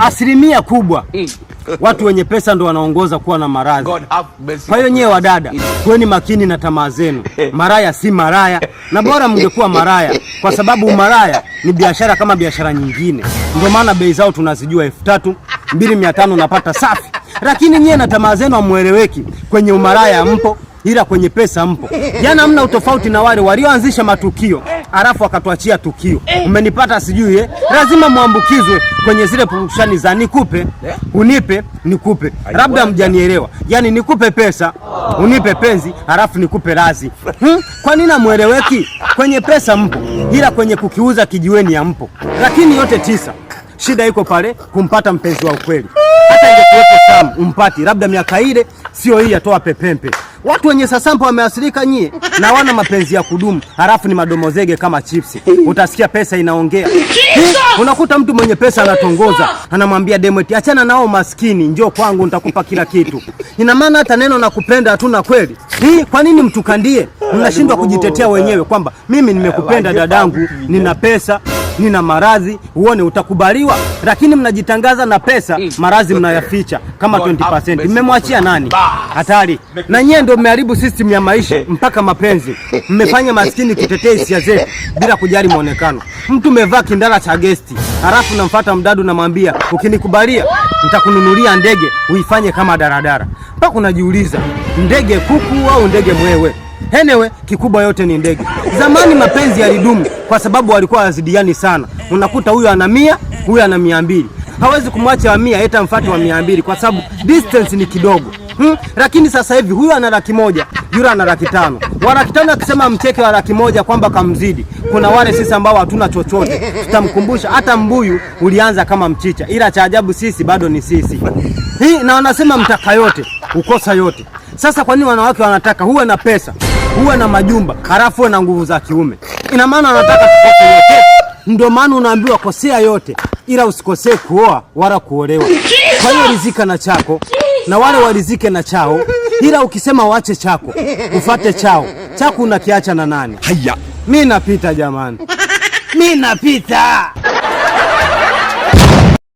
asilimia kubwa mm. watu wenye pesa ndo wanaongoza kuwa na maradhi. Kwa hiyo nyewe wadada, mm. kuweni makini na tamaa zenu. Maraya si maraya, na bora mngekuwa maraya, kwa sababu umaraya ni biashara kama biashara nyingine. Ndio maana bei zao tunazijua, elfu tatu mbili mia tano unapata safi, lakini nyewe na tamaa zenu hamweleweki. Kwenye umaraya mpo, ila kwenye pesa mpo. Jana mna utofauti na wale walioanzisha matukio alafu akatuachia tukio eh. Umenipata sijui eh? Lazima mwambukizwe kwenye zile purukushani za nikupe eh? unipe nikupe, labda mjanielewa. Yani nikupe pesa ah. unipe penzi, alafu nikupe razi hmm? Kwa nini namweleweki? Kwenye pesa mpo, ila kwenye kukiuza kijiweni mpo, Lakini yote tisa, shida iko pale kumpata mpenzi wa ukweli. Hata ingekuwepo Sam umpati, labda miaka ile sio hii, atoa pepempe Watu wenye sasampo wameathirika nyie na wana mapenzi ya kudumu, halafu ni madomo zege kama chipsi. Utasikia pesa inaongea. Unakuta mtu mwenye pesa anatongoza, anamwambia demeti eti achana nao maskini, njo kwangu nitakupa kila kitu. Ina maana hata neno nakupenda hatuna kweli. Hii kwa nini mtukandie? Mnashindwa kujitetea wenyewe kwamba mimi nimekupenda dadangu, nina pesa nina maradhi, uone utakubaliwa. Lakini mnajitangaza na pesa, mm. maradhi mnayaficha kama 20%. Mmemwachia nani? Hatari. Na nyie ndio mmeharibu system ya maisha mpaka mapenzi. Mmefanya maskini tutetee hisia zetu bila kujali muonekano. Mtu mevaa kindara cha gesti, halafu namfuata mdadu, namwambia ukinikubalia nitakununulia ndege uifanye kama daradara. Mpaka unajiuliza ndege kuku au ndege mwewe? Anyway, kikubwa yote ni ndege. Zamani mapenzi yalidumu kwa sababu walikuwa wazidiani sana, unakuta huyu ana mia, huyu ana mia mbili. Hawezi kumwacha wa mia eta mfate wa mia mbili kwa sababu distance ni kidogo hmm. Lakini sasa hivi huyu ana laki moja yule ana laki tano wa laki tano akisema mcheke wa laki moja kwamba kamzidi. Kuna wale sisi ambao hatuna chochote, tutamkumbusha hata mbuyu ulianza kama mchicha, ila cha ajabu sisi bado ni sisi hii, na wanasema mtaka yote ukosa yote. Sasa kwa nini wanawake wanataka huwe na pesa huwa na majumba halafu na nguvu za kiume. Ina maana anataka tukoke yote? Ndio maana unaambiwa kosea yote, ila usikosee kuoa wala kuolewa. Kwa hiyo rizika na chako na wale warizike na chao, ila ukisema wache chako ufate chao, chako unakiacha na nani? Haya, mi napita jamani, mi napita.